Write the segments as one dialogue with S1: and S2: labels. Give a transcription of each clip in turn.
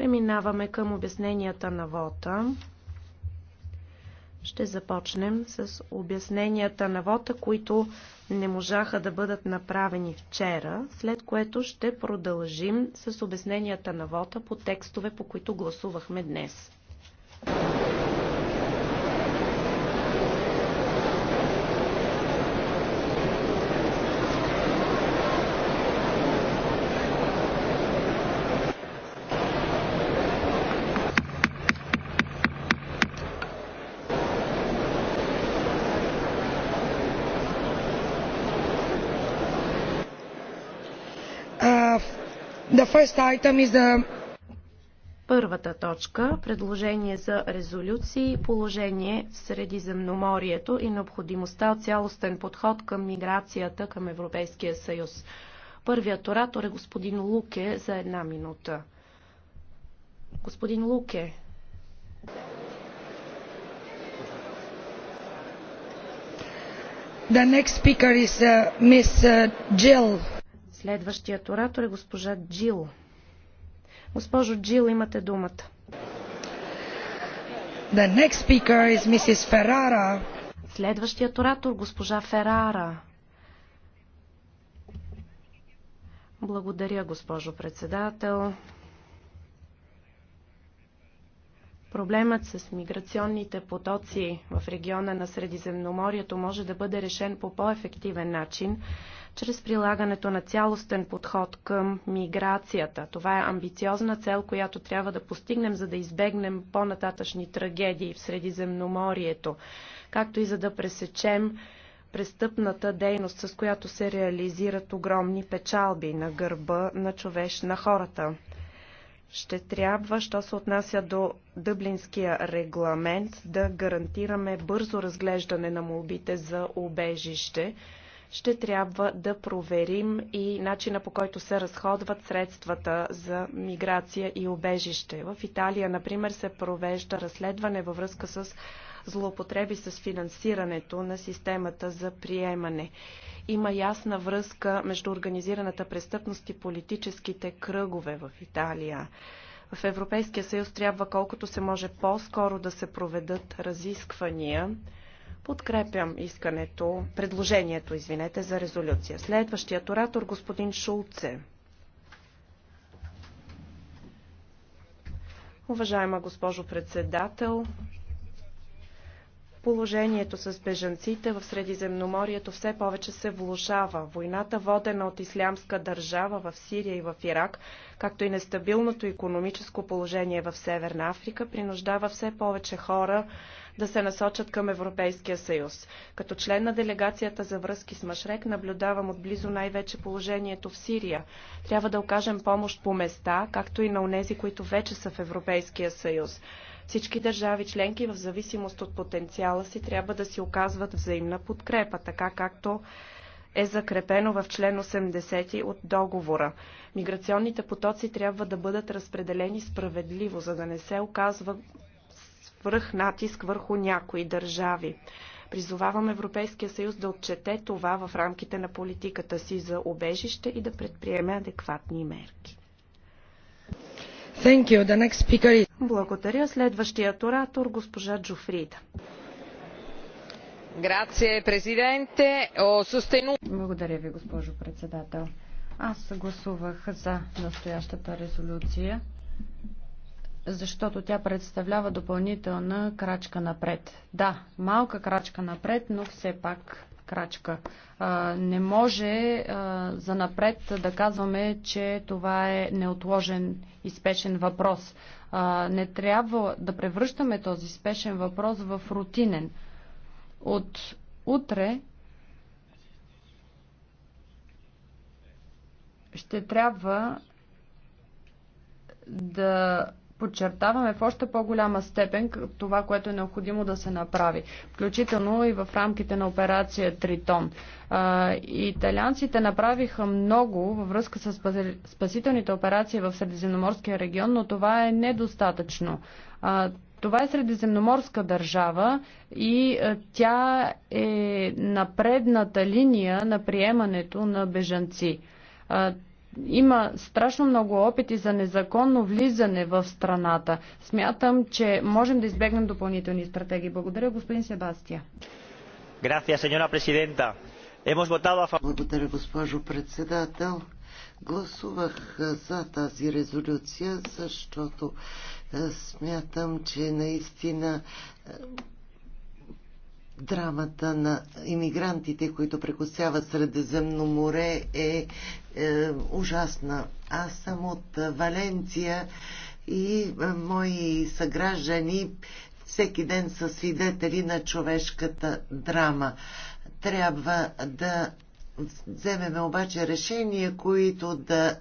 S1: Преминаваме към обясненията на вота. Ще започнем с обясненията на вота, които не можаха да бъдат направени вчера, след което ще продължим с обясненията на вота по текстове, по които гласувахме днес. Първата точка – предложение за резолюции, положение в Средиземноморието и необходимостта от цялостен подход към миграцията към Европейския съюз. Първият оратор е господин Луке за една минута. Господин Луке. The next speaker is uh, Miss uh, Jill Следващият оратор е госпожа Джил. Госпожо Джил, имате думата.
S2: The next speaker is
S1: Mrs. Ferrara. Следващият оратор, госпожа Ферара. Благодаря, госпожо председател. Проблемът с миграционните потоци в региона на Средиземноморието може да бъде решен по по-ефективен начин чрез прилагането на цялостен подход към миграцията. Това е амбициозна цел, която трябва да постигнем, за да избегнем по-нататъчни трагедии в Средиземноморието, както и за да пресечем престъпната дейност, с която се реализират огромни печалби на гърба на човеш на хората. Ще трябва, що се отнася до Дъблинския регламент, да гарантираме бързо разглеждане на молбите за убежище, ще трябва да проверим и начина по който се разходват средствата за миграция и обежище. В Италия, например, се провежда разследване във връзка с злоупотреби с финансирането на системата за приемане. Има ясна връзка между организираната престъпност и политическите кръгове в Италия. В Европейския съюз трябва колкото се може по-скоро да се проведат разисквания Подкрепям искането, предложението, извинете, за резолюция. Следващият оратор, господин Шулце. Уважаема госпожо председател, Положението с бежанците в Средиземноморието все повече се влушава. Войната, водена от ислямска държава в Сирия и в Ирак, както и нестабилното економическо положение в Северна Африка, принуждава все повече хора да се насочат към Европейския съюз. Като член на делегацията за връзки с Машрек наблюдавам отблизо най-вече положението в Сирия. Трябва да окажем помощ по места, както и на унези, които вече са в Европейския съюз. Всички държави членки в зависимост от потенциала си трябва да си оказват взаимна подкрепа, така както е закрепено в член 80 от договора. Миграционните потоци трябва да бъдат разпределени справедливо, за да не се оказва свръх натиск върху някои държави. Призовавам Европейския съюз да отчете това в рамките на политиката си за обежище и да предприеме адекватни мерки. Благодаря. Следващият оратор госпожа Джуфрида.
S3: Благодаря ви, госпожо председател. Аз гласувах за настоящата резолюция, защото тя представлява допълнителна крачка напред. Да, малка крачка напред, но все пак крачка. Не може за напред да казваме, че това е неотложен и спешен въпрос. Не трябва да превръщаме този спешен въпрос в рутинен. От утре ще трябва да подчертаваме в още по-голяма степен това, което е необходимо да се направи, включително и в рамките на операция Тритон. Италианците направиха много във връзка с спасителните операции в Средиземноморския регион, но това е недостатъчно. Това е средиземноморска държава и тя е на предната линия на приемането на бежанци има страшно много опити за незаконно влизане в страната. Смятам, че можем да избегнем допълнителни стратегии. Благодаря, господин Себастия.
S2: Благодаря, госпожо председател. Гласувах е, за тази резолюция, защото е, смятам, че наистина е, драмата на иммигрантите, които прекосяват Средиземно море е, е ужасна. Аз съм от Валенция и е, мои съграждани всеки ден са свидетели на човешката драма. Трябва да вземем обаче решения, които да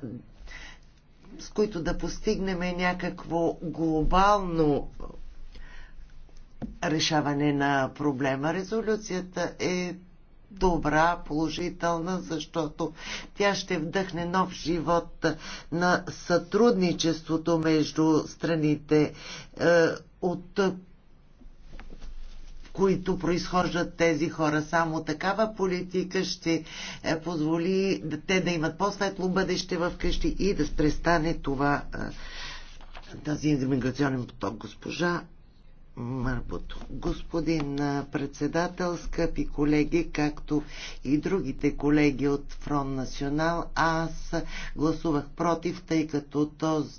S2: с които да постигнем някакво глобално решаване на проблема. Резолюцията е добра, положителна, защото тя ще вдъхне нов живот на сътрудничеството между страните е, от които произхождат тези хора. Само такава политика ще е, позволи те да имат по-светло бъдеще в къщи и да престане това е, тази миграционен поток. Госпожа мърбото. Господин председател, скъпи колеги, както и другите колеги от Фронт Национал, аз гласувах против, тъй като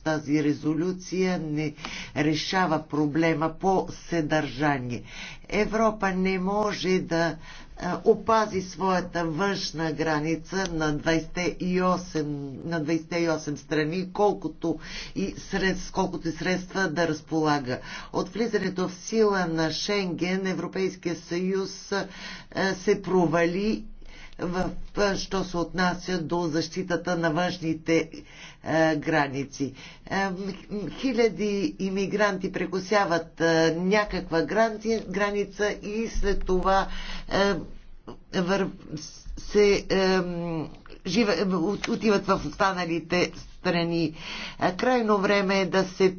S2: тази резолюция не решава проблема по съдържание. Европа не може да е, опази своята външна граница на 28, на 28 страни, колкото и, средств, колкото и средства да разполага. От влизането в сила на Шенген Европейския съюз е, се провали в, що се отнася до защитата на външните е, граници. Е, хиляди иммигранти прекусяват е, някаква граници, граница и след това е, вър, се е, жива, е, отиват в останалите страни. Е, крайно време е да се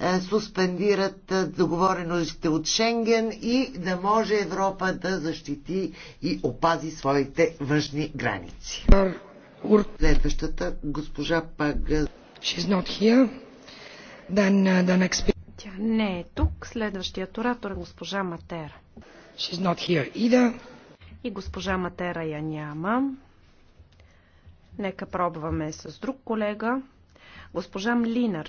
S2: е, суспендират е, договореностите от Шенген и да може Европа да защити и опази своите външни граници. Следващата госпожа Пага. Then,
S3: uh, then... Тя
S1: не е тук. Следващият оратор е госпожа Матера. И госпожа Матера я няма. Нека пробваме с друг колега. Госпожа Млинар.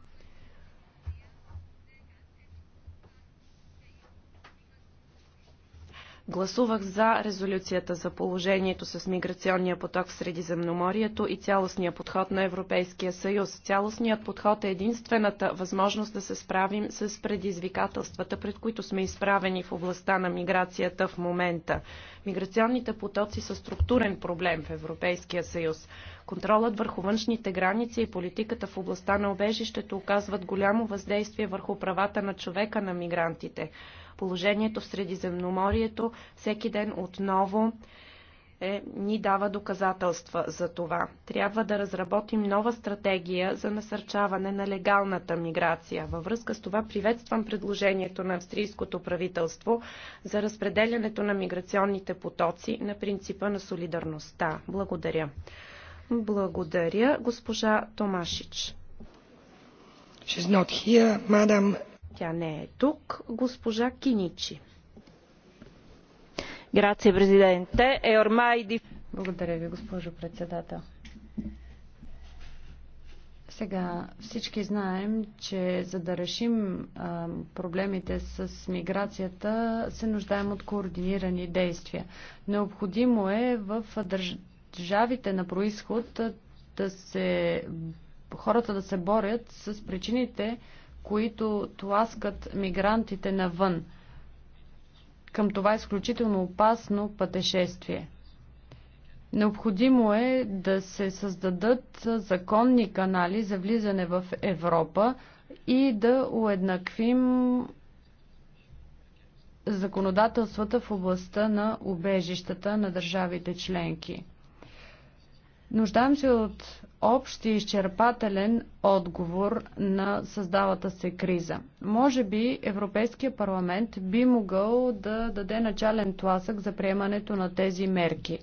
S1: Гласувах за резолюцията за положението с миграционния поток в Средиземноморието и цялостния подход на Европейския съюз. Цялостният подход е единствената възможност да се справим с предизвикателствата, пред които сме изправени в областта на миграцията в момента. Миграционните потоци са структурен проблем в Европейския съюз. Контролът върху външните граници и политиката в областта на обежището оказват голямо въздействие върху правата на човека на мигрантите. Положението в Средиземноморието всеки ден отново е, ни дава доказателства за това. Трябва да разработим нова стратегия за насърчаване на легалната миграция. Във връзка с това приветствам предложението на австрийското правителство за разпределянето на миграционните потоци на принципа на солидарността. Благодаря. Благодаря, госпожа Томашич.
S3: She's not here, Madam
S1: тя не е тук. Госпожа Киничи. Грация,
S3: президенте. Е Благодаря ви, госпожо председател. Сега всички знаем, че за да решим а, проблемите с миграцията, се нуждаем от координирани действия. Необходимо е в държавите на происход да се хората да се борят с причините, които тласкат мигрантите навън към това е изключително опасно пътешествие. Необходимо е да се създадат законни канали за влизане в Европа и да уеднаквим законодателствата в областта на убежищата на държавите членки. Нуждаем се от общ и изчерпателен отговор на създавата се криза. Може би Европейския парламент би могъл да даде начален тласък за приемането на тези мерки.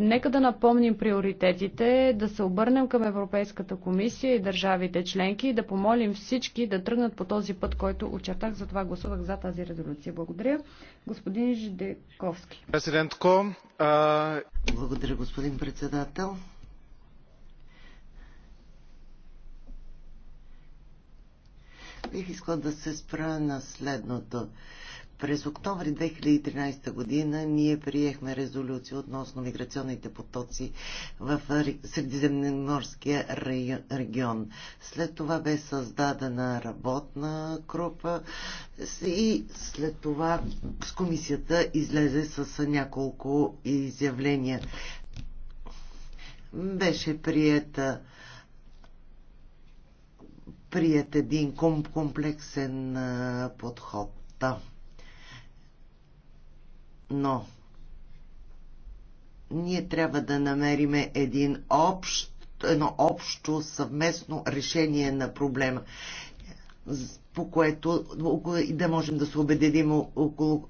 S3: Нека да напомним приоритетите, да се обърнем към Европейската комисия и държавите членки и да помолим всички да тръгнат по този път, който очертах. Затова гласувах за тази резолюция. Благодаря. Господин Жидековски.
S2: Президентко. А... Благодаря, господин председател. Бих искала да се спра на следното. През октомври 2013 година ние приехме резолюция относно миграционните потоци в Средиземноморския регион. След това бе създадена работна група и след това с комисията излезе с няколко изявления. Беше приета прият един комплексен подход. Но ние трябва да намериме един общ, едно общо съвместно решение на проблема, по което да можем да се обедедим около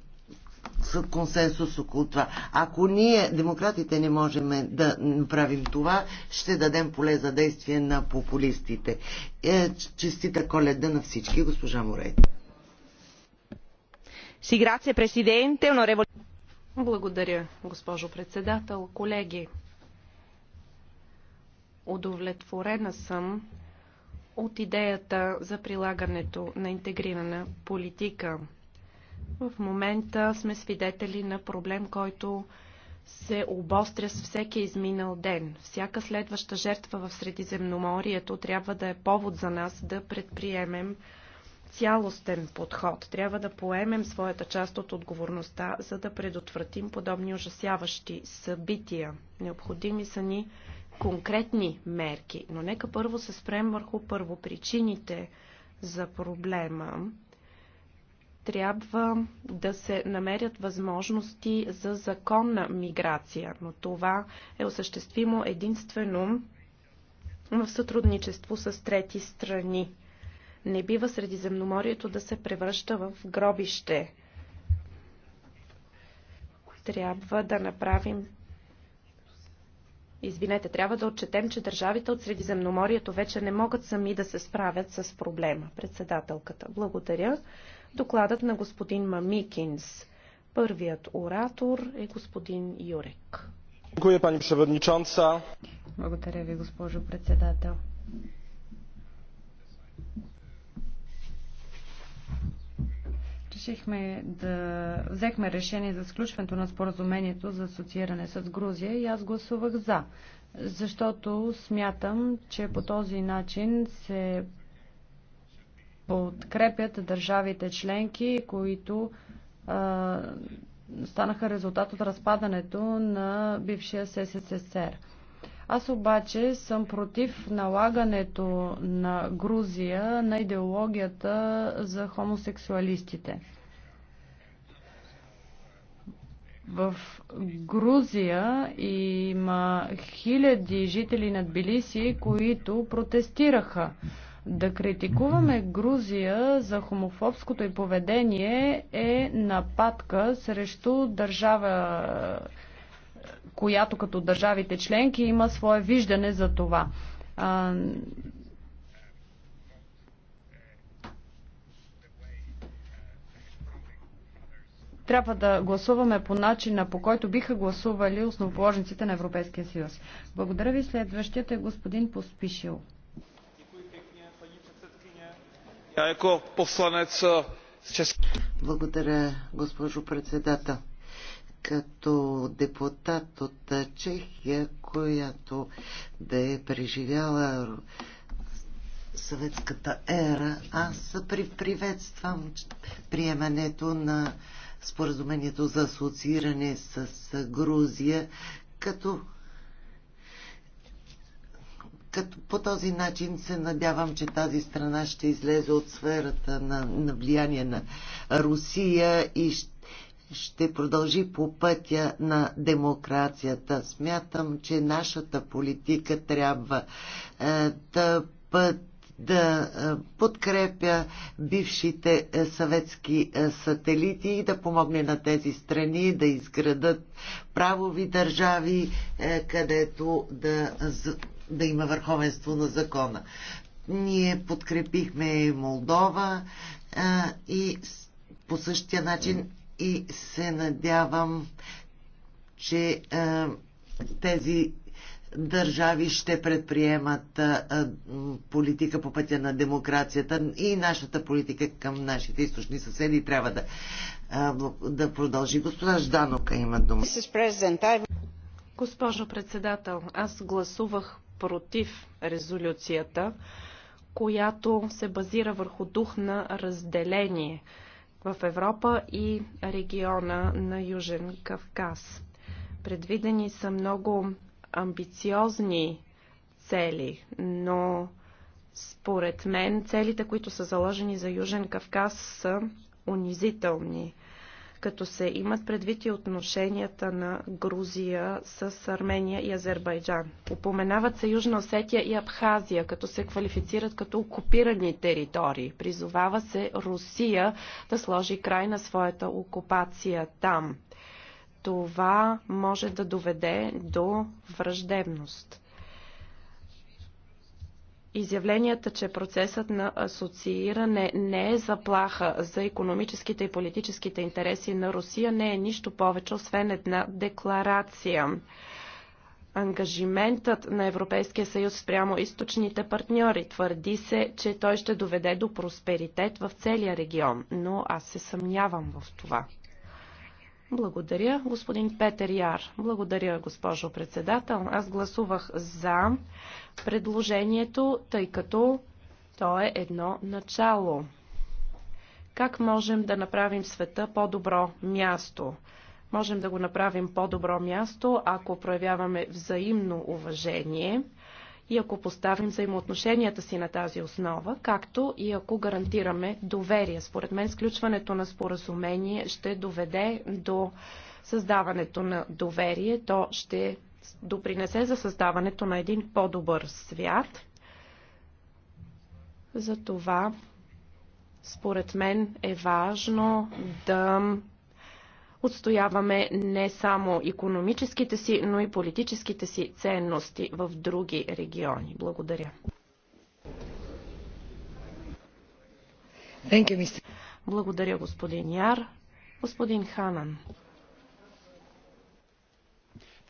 S2: консенсус около това. Ако ние, демократите, не можем да направим това, ще дадем поле за действие на популистите. Е, честита коледа на всички, госпожа Морей.
S1: Благодаря, госпожо председател. Колеги, удовлетворена съм от идеята за прилагането на интегрирана политика – в момента сме свидетели на проблем, който се обостря с всеки изминал ден. Всяка следваща жертва в Средиземноморието трябва да е повод за нас да предприемем цялостен подход. Трябва да поемем своята част от отговорността, за да предотвратим подобни ужасяващи събития. Необходими са ни конкретни мерки, но нека първо се спрем върху първопричините за проблема трябва да се намерят възможности за законна миграция, но това е осъществимо единствено в сътрудничество с трети страни. Не бива Средиземноморието да се превръща в гробище. Трябва да направим Извинете, трябва да отчетем, че държавите от Средиземноморието вече не могат сами да се справят с проблема. Председателката, благодаря докладът на господин Мамикинс. Първият оратор е господин Юрек.
S3: Благодаря ви, госпожо председател. решихме да взехме решение за сключването на споразумението за асоцииране с Грузия и аз гласувах за, защото смятам, че по този начин се подкрепят държавите членки, които а, станаха резултат от разпадането на бившия СССР. Аз обаче съм против налагането на Грузия на идеологията за хомосексуалистите. В Грузия има хиляди жители на Тбилиси, които протестираха. Да критикуваме Грузия за хомофобското и поведение е нападка срещу държава, която като държавите членки има свое виждане за това. трябва да гласуваме по начина, по който биха гласували основоположниците на Европейския съюз. Благодаря ви. Следващият е господин Поспишил. Já jako poslanec
S2: eh, z Благодаря, госпожо председател. Като депутат от Чехия, която да е преживяла съветската ера, аз приветствам приемането на споразумението за асоцииране с Грузия, като По този начин се надявам, че тази страна ще излезе от сферата на, на влияние на Русия и ще ще продължи по пътя на демокрацията. Смятам, че нашата политика трябва е, да, път, да е, подкрепя бившите е, съветски е, сателити и да помогне на тези страни да изградат правови държави, където да да има върховенство на закона. Ние подкрепихме Молдова а, и по същия начин и се надявам, че а, тези държави ще предприемат а, политика по пътя на демокрацията и нашата политика към нашите източни съседи трябва да, а, да продължи. Госпожа Жданока има дума.
S1: Госпожо председател, аз гласувах против резолюцията, която се базира върху дух на разделение в Европа и региона на Южен Кавказ. Предвидени са много амбициозни цели, но според мен целите, които са заложени за Южен Кавказ, са унизителни като се имат предвид и отношенията на Грузия с Армения и Азербайджан. Упоменават се Южна Осетия и Абхазия, като се квалифицират като окупирани територии. Призовава се Русия да сложи край на своята окупация там. Това може да доведе до враждебност изявленията, че процесът на асоцииране не е заплаха за економическите и политическите интереси на Русия, не е нищо повече, освен една декларация. Ангажиментът на Европейския съюз спрямо източните партньори твърди се, че той ще доведе до просперитет в целия регион, но аз се съмнявам в това. Благодаря, господин Петър Яр. Благодаря, госпожо председател. Аз гласувах за предложението, тъй като то е едно начало. Как можем да направим света по-добро място? Можем да го направим по-добро място, ако проявяваме взаимно уважение, и ако поставим взаимоотношенията си на тази основа, както и ако гарантираме доверие. Според мен, сключването на споразумение ще доведе до създаването на доверие. То ще допринесе за създаването на един по-добър свят. Затова, според мен, е важно да отстояваме не само економическите си, но и политическите си ценности в други региони. Благодаря. You, Благодаря, господин Яр. Господин Ханан.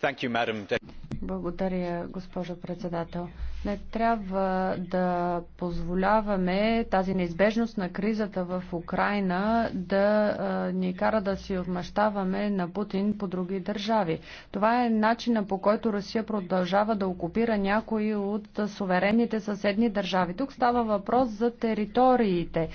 S1: You,
S3: Благодаря, госпожо председател. Не трябва да позволяваме тази неизбежност на кризата в Украина да ни кара да си отмъщаваме на Путин по други държави. Това е начина по който Русия продължава да окупира някои от суверенните съседни държави. Тук става въпрос за териториите,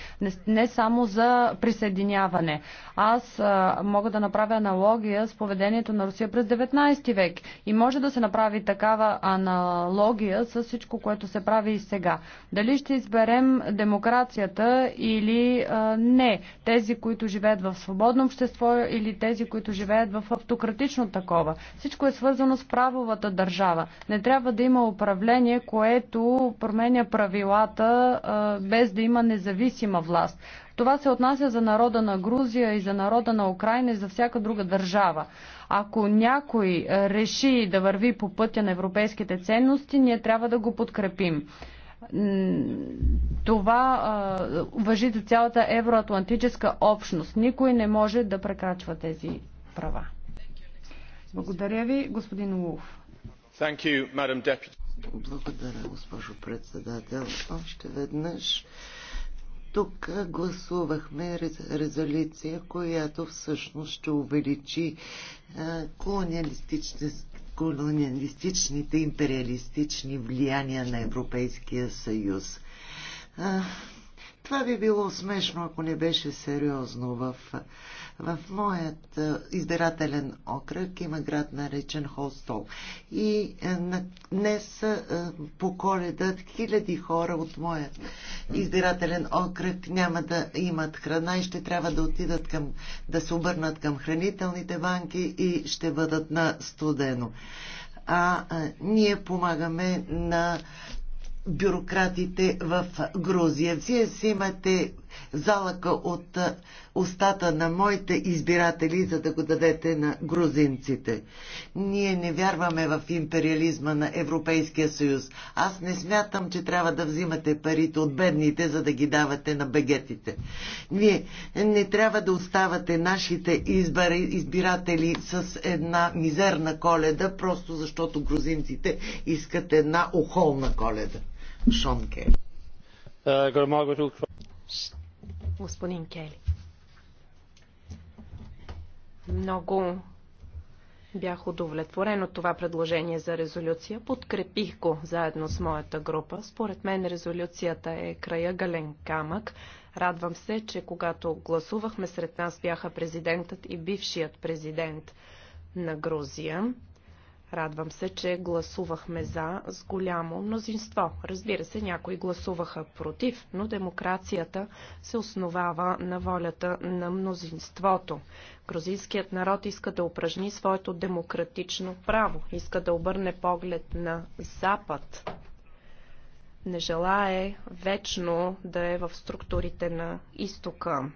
S3: не, само за присъединяване. Аз мога да направя аналогия с поведението на Русия през 19 век и може да се направи такава аналогия с всичко, което се прави и сега. Дали ще изберем демокрацията или а, не? Тези, които живеят в свободно общество или тези, които живеят в автократично такова. Всичко е свързано с правовата държава. Не трябва да има управление, което променя правилата а, без да има независима власт. Това се отнася за народа на Грузия и за народа на Украина и за всяка друга държава. Ако някой е, реши да върви по пътя на европейските ценности, ние трябва да го подкрепим. Това а, въжи за цялата евроатлантическа общност. Никой не може да прекрачва тези права. Благодаря ви, господин Улов.
S2: Благодаря, госпожо председател. Още веднъж тук гласувахме резолюция, която всъщност ще увеличи колониалистичните колониалистичните империалистични влияния на Европейския съюз. Това би било смешно, ако не беше сериозно. В, в моят е, избирателен окръг има град наречен Холстол. И е, на, днес е, по коледа хиляди хора от моят избирателен окръг няма да имат храна и ще трябва да отидат към, да се обърнат към хранителните банки и ще бъдат на студено а, а ние помагаме на бюрократите в Грузия. Вие си имате залъка от устата на моите избиратели, за да го дадете на грузинците. Ние не вярваме в империализма на Европейския съюз. Аз не смятам, че трябва да взимате парите от бедните, за да ги давате на бегетите. Вие не трябва да оставате нашите избари, избиратели с една мизерна коледа, просто защото грузинците искат една охолна коледа. Кели.
S1: Господин Кели. Много бях удовлетворен от това предложение за резолюция. Подкрепих го заедно с моята група. Според мен резолюцията е края гален камък. Радвам се, че когато гласувахме сред нас бяха президентът и бившият президент на Грузия. Радвам се, че гласувахме за с голямо мнозинство. Разбира се, някои гласуваха против, но демокрацията се основава на волята на мнозинството. Грузинският народ иска да упражни своето демократично право, иска да обърне поглед на Запад. Не желае вечно да е в структурите на изтока.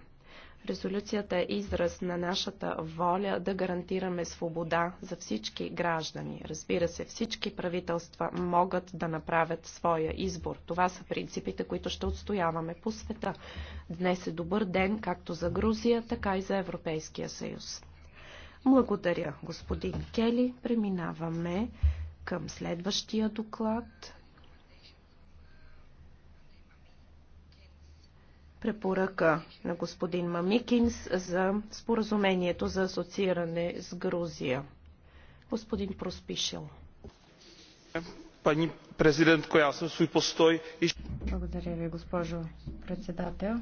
S1: Резолюцията е израз на нашата воля да гарантираме свобода за всички граждани. Разбира се, всички правителства могат да направят своя избор. Това са принципите, които ще отстояваме по света. Днес е добър ден както за Грузия, така и за Европейския съюз. Благодаря, господин Кели. Преминаваме към следващия доклад. препоръка на господин Мамикинс за споразумението за асоцииране с Грузия.
S3: Господин Проспишел. Пани президентко, аз съм свой постой. Благодаря ви, госпожо председател.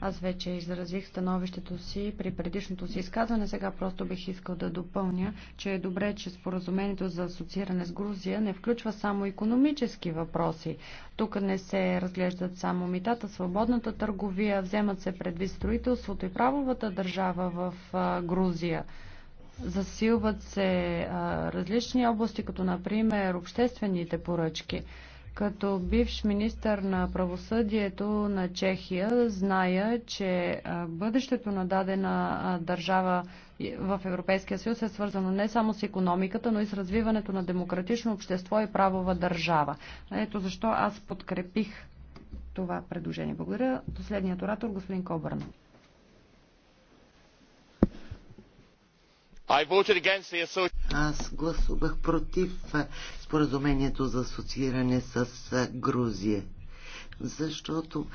S3: Аз вече изразих становището си при предишното си изказване. Сега просто бих искал да допълня, че е добре, че споразумението за асоцииране с Грузия не включва само економически въпроси. Тук не се разглеждат само митата, свободната търговия, вземат се предвид строителството и правовата държава в Грузия. Засилват се различни области, като например обществените поръчки. Като бивш министър на правосъдието на Чехия, зная, че бъдещето на дадена държава в Европейския съюз е свързано не само с економиката, но и с развиването на демократично общество и правова държава. Ето защо аз подкрепих това предложение. Благодаря. Последният оратор, господин Кобърна.
S1: Аз
S2: гласувах против споразумението за асоцииране с Грузия, защото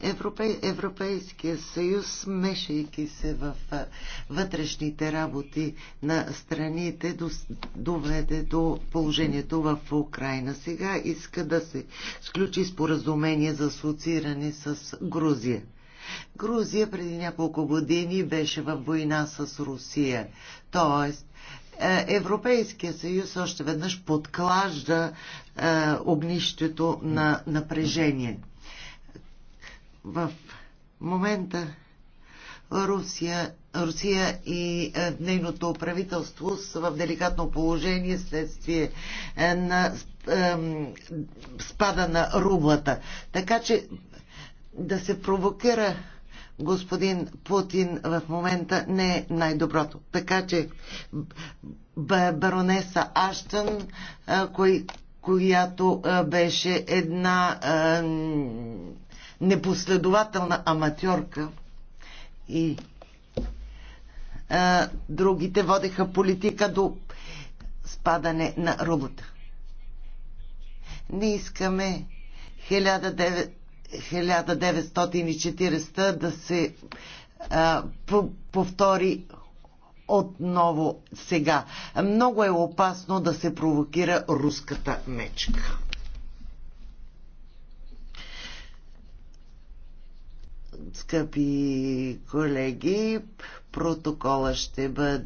S2: Европей, Европейския съюз, смешайки се в вътрешните работи на страните, до, доведе до положението в Украина. Сега иска да се сключи споразумение за асоцииране с Грузия. Грузия преди няколко години беше във война с Русия. Тоест, е, Европейския съюз още веднъж подклажда е, огнището на напрежение. В момента Русия, Русия и е, нейното правителство са в деликатно положение следствие на спада на рублата. Така че да се провокира господин Путин в момента не е най-доброто. Така че баронеса Аштън, кой, която беше една а, непоследователна аматьорка и а, другите водеха политика до спадане на робота. Не искаме 1900 1940 да се а, повтори отново сега. Много е опасно да се провокира руската мечка. Скъпи колеги, протокола ще бъде